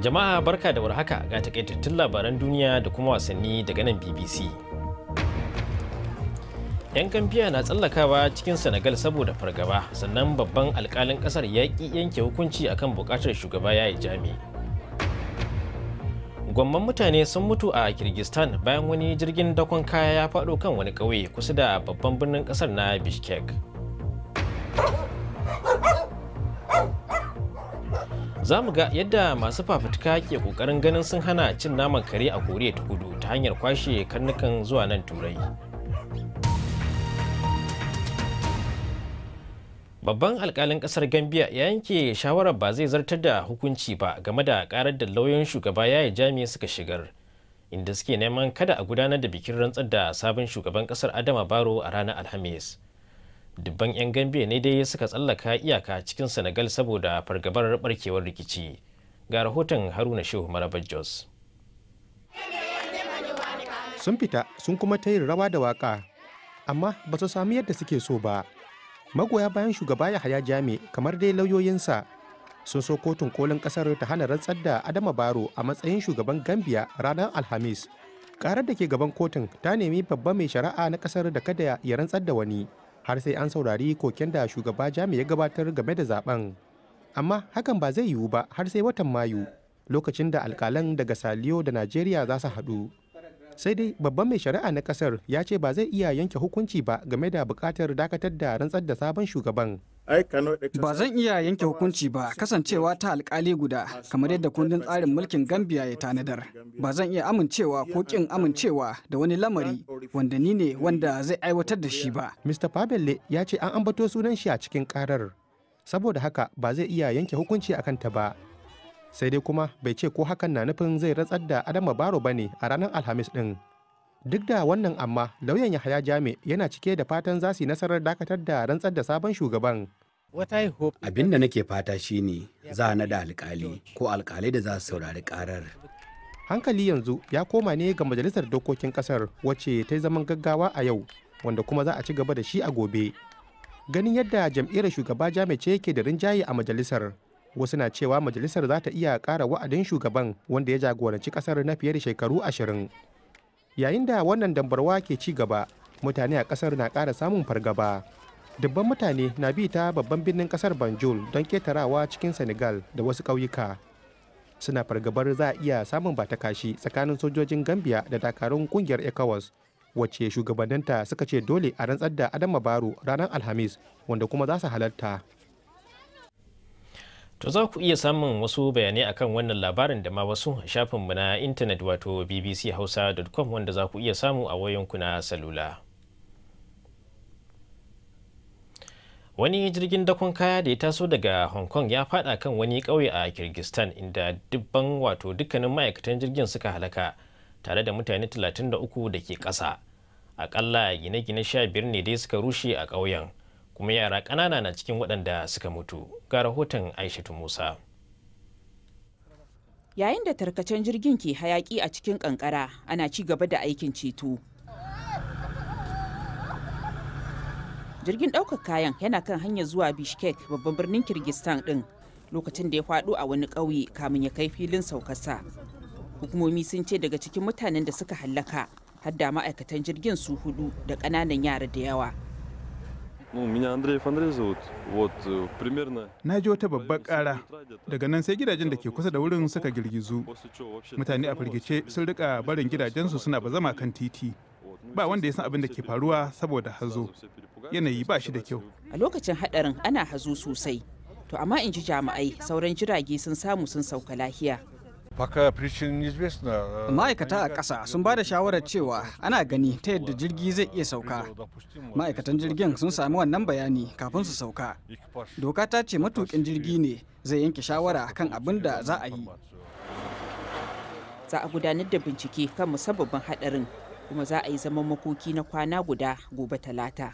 Jama'a barka da warhaka ga takaitattun labaran duniya da kuma wasanni daga nan BBC. 'Yan gambiya na tsallakawa cikin Senegal saboda fargaba sannan babban alkalin kasar ya ƙi yanke hukunci akan bukatar shugaba ya yi jami. Gwamman mutane sun mutu a Kirgistan bayan wani jirgin dakon kaya ya faɗo kan wani ƙauye kusa da babban birnin kasar na Bishkek. za mu ga yadda masu fafutuka ke kokarin ganin sun hana cin naman kare a koriya ta kudu ta hanyar kwashe karnukan zuwa nan turai babban alkalin kasar gambia ya yanke shawarar ba zai zartar da hukunci ba game da karar da lauyan shugaba yaya jami'a suka shigar inda suke neman kada a gudanar da bikin rantsar da sabon shugaban kasar adama baro a ranar alhamis dubban 'yan gambia ne dai suka tsallaka iyaka cikin senegal saboda fargabar barkewar rikici ga rahoton haruna shehu marabar jos sun fita sun kuma ta yin rawa da waka amma ba su sami yadda suke so ba magoya bayan shugaba yahaya jami kamar dai lauyoyinsa sun so kotun kolin kasar ta hana rantsar da adama baro a matsayin shugaban gambia ranar alhamis karar da ke gaban kotun ta nemi babba mai shari'a na kasar da kada ya rantsar da wani har sai an saurari koken da shugaba jami ya gabatar game da zaben amma hakan ba zai yiwu ba har sai watan mayu lokacin da alkalan daga saliyo da najeriya za su haɗu sai dai babban mai shari'a na kasar ya ce ba zai iya yanke hukunci ba game da bukatar dakatar da rantsar da sabon shugaban ba zan iya yanke hukunci ba kasancewa ta alkali guda kamar yadda kundin tsarin mulkin gambia ya tanadar ba zan iya amincewa ko kin amincewa da wani lamari wanda ni ne wanda zai aiwatar da shi ba mr pabelle ya ce an ambato sunan shi a cikin karar saboda haka ba zai iya yanke hukunci akan ta ba sai dai kuma bai ce ko hakan na nufin zai ratsar da adama baro ba ne a ranar alhamis din. duk da wannan amma lauyan yahaya jami yana cike da fatan za su yi nasarar dakatar da rantsar da sabon shugaban abin da nake fata shine za a nada alkali ko alkalai da za su saurari karar hankali yanzu ya koma ne ga majalisar dokokin kasar wacce ta yi zaman gaggawa a yau wanda kuma za a ci gaba da shi a gobe ganin yadda jam'iyyar shugaba jami ce yake da rinjaye a majalisar wasu na cewa majalisar za ta iya ƙara wa'adin shugaban wanda ya jagoranci ƙasar na fiye da shekaru ashirin yayin da wannan dambarwa ke ci gaba mutane a ƙasar na ƙara samun fargaba dubban mutane na bi ta babban birnin ƙasar banjul don ketarawa cikin senegal da wasu ƙauyuka suna fargabar za a iya samun batakashi tsakanin sojojin gambia da dakarun ƙungiyar ecowas wacce shugabanninta suka ce dole a rantsar da adama baro ranar alhamis wanda kuma za su halarta To za ku iya samun wasu bayanai akan wannan labarin da ma wasu shafinmu na intanet wato bbchausa.com wanda za ku iya samu a wayanku na salula. Wani jirgin dakon kaya da ya taso daga Hong Kong ya fada kan wani kauye a Kirgistan inda dubban wato dukkanin ma'aikatan jirgin suka halaka tare da mutane 33 da ke ƙasa. Aƙalla gine-gine 15 ne dai suka rushe a ƙauyen. kuma yara ƙanana na cikin waɗanda suka mutu ga rahoton aishatu musa yayin da tarkacen jirgin ke hayaƙi a cikin ƙanƙara ana ci gaba da aikin ceto jirgin ɗaukar kayan yana kan hanyar zuwa bishkek babban birnin kirgistan ɗin lokacin da ya faɗo a wani ƙauye kamin ya kai filin saukarsa hukumomi sun ce daga cikin mutanen da suka hallaka har da ma'aikatan jirgin su hudu da ƙananan yara da yawa Э, Na ji wata babbar ƙara. Daga nan sai gidajen da ke kusa da wurin suka girgizu. Mutane a firgice sun rika barin gidajensu suna bazama kan titi. Ba wanda ya san abin da ke faruwa saboda hazo. Yanayi ba shi da kyau. A lokacin haɗarin ana hazo sosai. To amma in ji jami'ai sauran jirage sun samu sun sauka lahiya. ma'aikata э, a ƙasa sun ba da shawarar cewa ana gani ta yadda jirgi э, zai iya sauka ma'aikatan jirgin sun sami wannan bayani kafin su sauka doka ta ce matukin jirgi ne zai yanke shawara kan abin da za a yi za a gudanar da bincike kan musabbabin haɗarin kuma za a yi zaman makoki na kwana guda gobe talata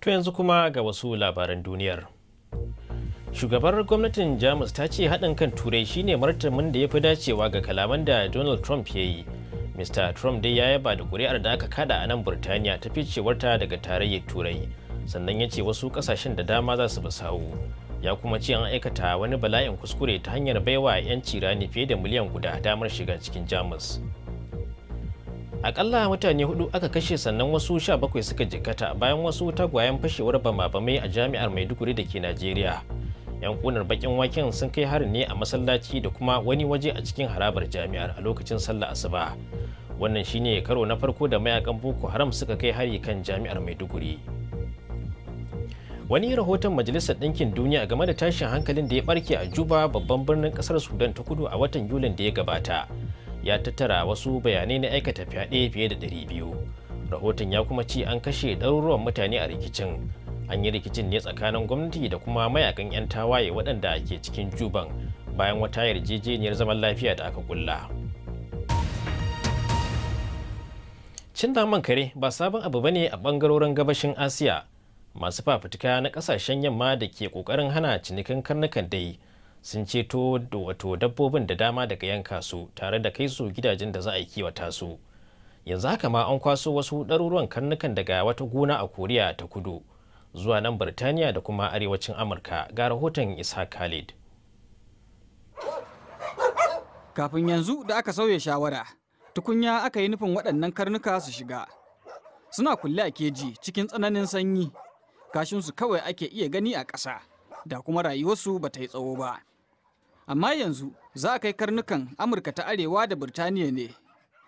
to yanzu kuma ga wasu labaran duniyar shugabar gwamnatin jamus ta ce haɗin kan turai shine martamin da ya fi dacewa ga kalaman da donald trump ya yi mr trump dai ya yaba da kuri'ar da aka kada a nan burtaniya ta ficewarta daga tarayyar turai sannan ya ce wasu kasashen da dama za su ya kuma ce an aikata wani bala'in kuskure ta hanyar baiwa 'yanci rani fiye da miliyan guda damar shiga cikin jamus akalla mutane hudu aka kashe sannan wasu sha bakwai suka jikkata bayan wasu tagwayen fashewar bama-bamai a jami'ar maiduguri da ke najeriya 'yan kunar bakin waken sun kai harin ne a masallaci da kuma wani waje a cikin harabar jami'ar a lokacin sallah asuba wannan shine karo na farko da mayakan boko haram suka kai hari kan jami'ar maiduguri wani rahoton majalisar ɗinkin duniya game da tashin hankalin da ya barke a juba babban birnin ƙasar sudan ta kudu a watan yulin da ya gabata ya tattara wasu bayanai na aikata fyaɗe fiye da 200 rahoton ya kuma ce an kashe ɗaruruwan mutane a rikicin an yi rikicin ne tsakanin gwamnati da kuma mayakan 'yan tawaye waɗanda ke cikin juban bayan wata yarjejeniyar zaman lafiya da aka kulla cin daman kare ba sabon abu bane a ɓangarorin gabashin asiya masu fafutuka na ƙasashen yamma da ke ƙoƙarin hana cinikin karnukan dai sun ceto da wato dabbobin da dama daga yanka su tare da kai su gidajen da za a yi kiwata su yanzu haka ma an kwaso wasu ɗaruruwan karnukan daga wata gona a koriya ta kudu zuwa nan Birtaniya da kuma arewacin Amurka ga rahoton Isa Khalid. Kafin yanzu da aka sauya shawara, tukunya aka yi nufin waɗannan karnuka su shiga. Suna kulle a keji cikin tsananin sanyi, kashinsu kawai ake iya gani a ƙasa, da kuma rayuwarsu ba ta yi tsawo ba. Amma yanzu za a kai karnukan Amurka ta Arewa da Birtaniya ne.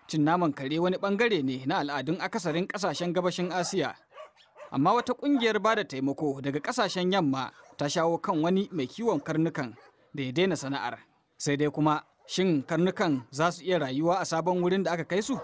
Cin naman kare wani ɓangare ne na al'adun akasarin ƙasashen gabashin Asiya. amma wata kungiyar bada taimako daga kasashen yamma ta shawo kan wani mai kiwon karnukan da ya daina sana'ar sai dai kuma shin karnukan za su iya rayuwa a sabon wurin da aka kai su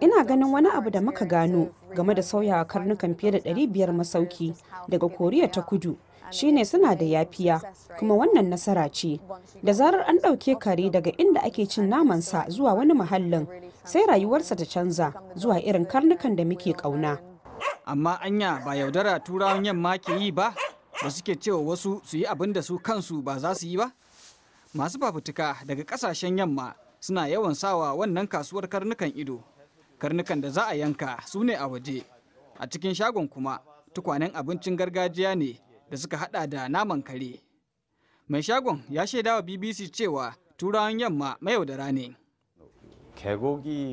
ina ganin wani abu da muka gano game da sauyawa karnukan fiye da 500 masauki daga koriya ta kudu shi ne suna da yafiya kuma wannan nasara ce da zarar an ɗauke kare daga inda ake cin namansa zuwa wani muhallin sai rayuwarsa ta canza zuwa irin karnukan da muke ƙauna amma anya ba yaudara turawan yamma ke yi ba da suke cewa wasu su yi abin da su kansu ba za su yi ba masu fafutuka daga kasashen yamma suna yawan sawa wannan kasuwar karnukan ido karnukan da za a yanka su ne a waje a cikin shagon kuma tukwanen abincin gargajiya ne da suka hada da naman kare mai shagon ya shaida wa bbc cewa turawan yamma mayaudara ne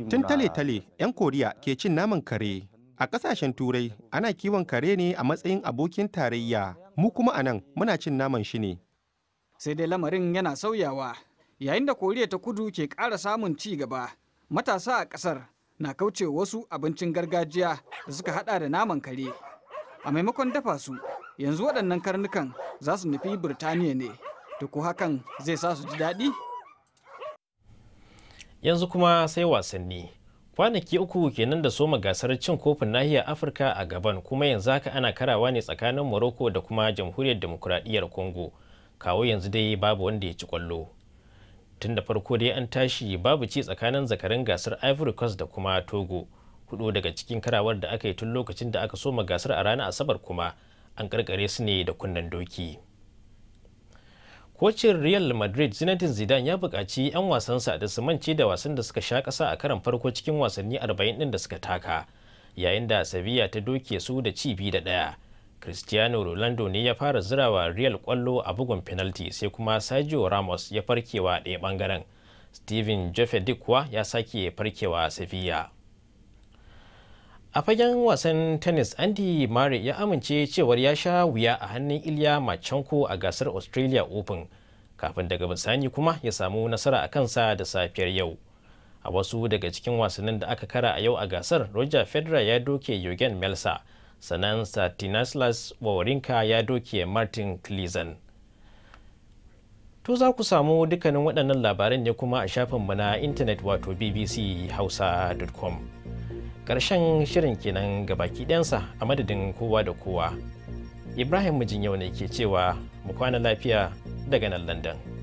tun tale-tale 'yan koriya ke cin naman kare A ƙasashen Turai ana kiwon kare ne a matsayin abokin tarayya, mu kuma a nan muna cin naman shi ne. Sai dai lamarin yana sauyawa, yayin da Koriya ta kudu ke ƙara samun ci gaba, matasa a ƙasar na kauce wasu abincin gargajiya da suka haɗa da naman kare. A maimakon dafa su, yanzu waɗannan karnukan za su nufi Birtaniya ne, da ko hakan zai sa su ji daɗi? Yanzu kuma sai wasanni. kwanaki uku kenan da soma gasar cin kofin nahiyar afirka a gaban kuma yanzu haka ana karawa ne tsakanin morocco da kuma jamhuriyar demokuraɗiyyar congo kawo yanzu dai babu wanda ya ci kwallo tun da farko dai an tashi babu ci tsakanin zakarin gasar ivory coast da kuma togo hudu daga cikin karawar da aka yi tun lokacin da aka soma gasar a ranar asabar kuma an karkare su ne da kunnen doki. kocin real madrid zinedine zidane ya bukaci 'yan wasansa da su mance da wasan da suka sha ƙasa a karan farko cikin wasanni 40 ɗin da suka taka yayin da sevilla ta doke su da ci biyu da ɗaya cristiano ronaldo ne ya fara zirawa real kwallo a bugun penalty sai kuma sergio ramos ya farkewa ɗaya ɓangaren steven jeff kuwa ya sake farkewa sevilla a fagen wasan tennis andy murray ya amince cewar ya sha wuya a hannun ilya machanko a gasar australia open kafin daga bisani kuma ya samu nasara a kansa da safiyar yau a wasu daga cikin wasannin da aka kara a yau a gasar roger federer ya doke yogen melsa sannan satinaslas wawarinka ya doke martin cleason to za ku samu dukkanin waɗannan labaran ne kuma a shafinmu na intanet wato bbc bbchausa.com karshen shirin kenan ga baki ɗansa a madadin kowa da kowa ibrahim mijin yau ne ke cewa mu kwana lafiya daga nan london